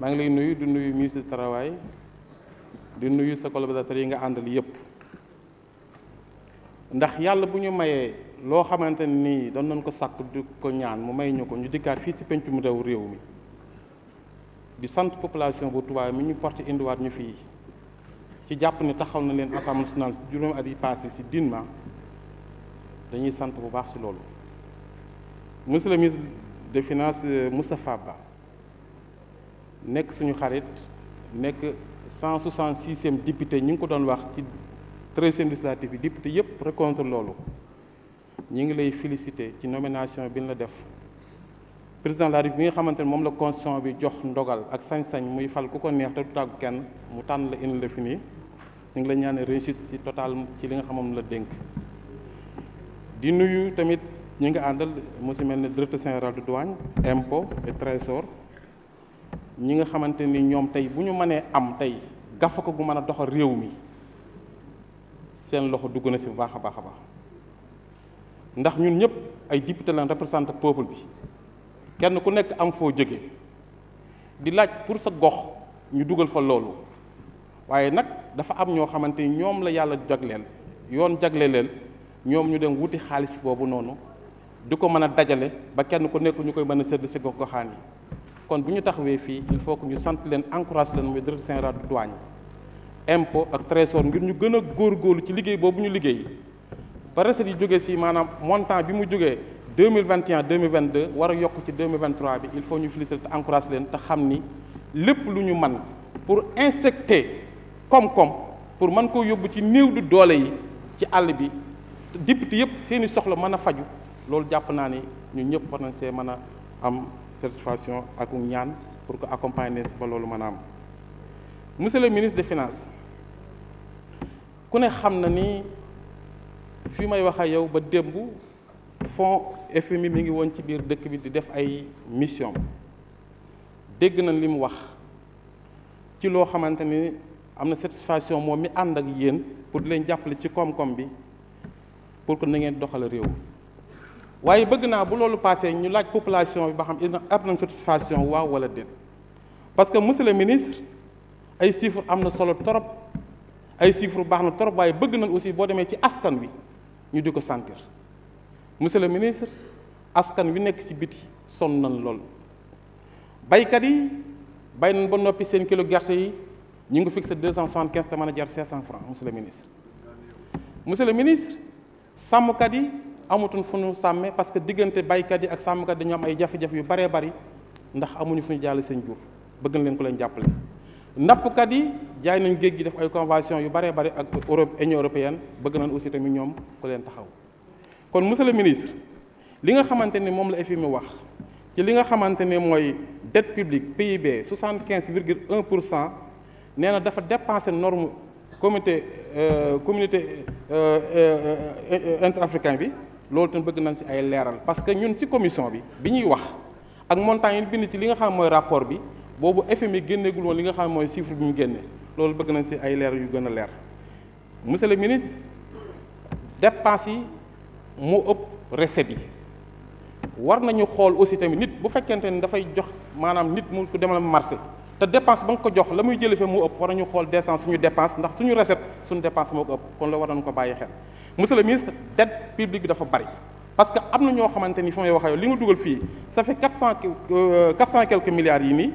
maa ngi lay nuyu di nuyu ministre du travail di nuyu sa yi nga àndal yépp ndax yàlla bu ñu mayee loo xamante nii doon nañ ko sàkk di ko ñaan mu may ñu ko ñu dikkaat fii si penc mu ndaw réew mi di sant population bu tubaay mi ñu porté indiwaat ñu fii ci jàpp ne taxaw na leen assemblée nationale ci juróomi at yi passé ci dignement dañuy sant bu baax si loolu monsieur le ministre des finances Moustapha nekk suñu xarit nekk 166e député ñu ngi ko doon wax ci 13e législative bi député yëpp recontre loolu ñu ngi lay félicité ci nomination bi ñu la def président de la République bi nga xamante ne moom la constitution bi jox ndogal ak sañ-sañ muy fal ku ko neex te du tàggu kenn mu tànn la indi la fi nii ñu ngi la ñaan réussite ci total ci li nga xamam la dénk di nuyu tamit ñi ngi àndal mu si mel ne directeur général de douane impôt et trésor ñi nga xamante ni ñoom tey bu ñu mënee am tey gafa ko gu mën a doxal réew mi seen loxo dugg na si bu baax a baax a baax ndax ñun ñëpp ay député lañ représenté peuple bi kenn ku nekk am foo jege di laaj pour sa gox ñu dugal fa loolu waaye nag dafa am ñoo xamante ni ñoom la yàlla jagleel yoon jagle leen ñoom ñu dem wuti xaalis boobu noonu di ko mën a dajale ba kenn ku nekk ñu koy mën a sedd si gox goxaan yi kon bu ñu taxawee fii il faut que ñu sant leen encourage leen mooy directeur général du douane impôt ak trésor ngir ñu gën a góorgóorlu ci liggéey boobu ñu liggéey ba recette yi jógee si maanaam montant bi mu jógee deux mille vingt et deux mille vingt deux war a yokk ci deux bi il faut ñu féliciter te encourage leen te xam ni lépp lu ñu man pour injecter koom-koom pour man koo yóbbu ci néew du doole yi ci àll bi député yëpp seeni soxla mën a faju loolu jàpp naa ni ñun ñëpp war nañ see mën a am. satisfaction ak ñaan pour que accompagner si ba loolu mën a am monsieur le ministre des finances ku ne xam na ni fi may wax a yow ba démb fonds FMI mi ngi woon ci biir dëkk bi di def ay mission dégg nañ li wax ci loo xamante ni am na satisfaction moom mi ànd ak yéen pour di leen jàppale ci koom-koom bi pour que na ngeen doxal réew waaye bëgg naa bu loolu passé ñu laaj population bi ba xam am nañ satisfaction waaw wala déet parce que monsieur le ministre ay chiffres am na solo trop ay chiffres baax na trop waaye bëgg nañ aussi boo demee ci askan wi ñu di ko sentir monsieur le ministre askan wi nekk ci biti sonn nañ lool baykat yi bay nañ ba noppi seen kilo gerte yi ñu ngi fixé deux cent soixante quinze te mën a jar cinq cent francs monsieur le ministre monsieur le ministre sàmmkat yi amatuñ fu ñu sàmmee parce que diggante baykat yi ak sàmmkat dañu am ay jafe-jafe yu baree bari ndax amuñu fu ñu jàll seen jur bëgg na leen ko leen jàppale nappkat yi jaay nañ géej gi def ay convention yu baree bari ak Europe Union européenne bëgg nañ aussi tamit ñoom ku leen taxaw kon monsieur le ministre li nga xamante ni moom la FMI wax ci li nga xamante ne mooy dette publique PIB 75 virgule 1 pour cent nee na dafa dépassé norme comité euh, communauté euh, euh, intra-africain bi loolu te bëgg nañ si ay leeral parce que ñun si commission bi bi ñuy wax ak montant yi bind ci li nga xam mooy rapport bi boobu FMI génneegul woon li nga xam mooy chiffre bi mu génne loolu bëgg nañ si ay leer yu gën a leer monsieur le ministre dépenses yi mu ëpp recette yi war nañu xool aussi tamit nit bu fekkente ni dafay jox maanaam nit mu ku demal marché te dépense ba nga ko jox la muy jëlee fa mu ëpp war nañu xool décence suñu dépense ndax suñu recette suñu dépense moo ko ëpp war nañu ko bàyyi xel monsieur le ministre dette publique bi dafa bari parce que am na ñoo xamante ni fi may wax yow li nga dugal fii ça fait quatre cent euh, quatre cent yi nii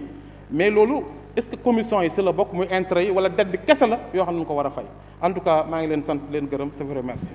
mais loolu est-ce que commission yi si la bokk muy intérêt yi wala dette bi kese la yoo xam ne ko war a fay en tout cas maa ngi leen sant leen gërëm c'est vrai merci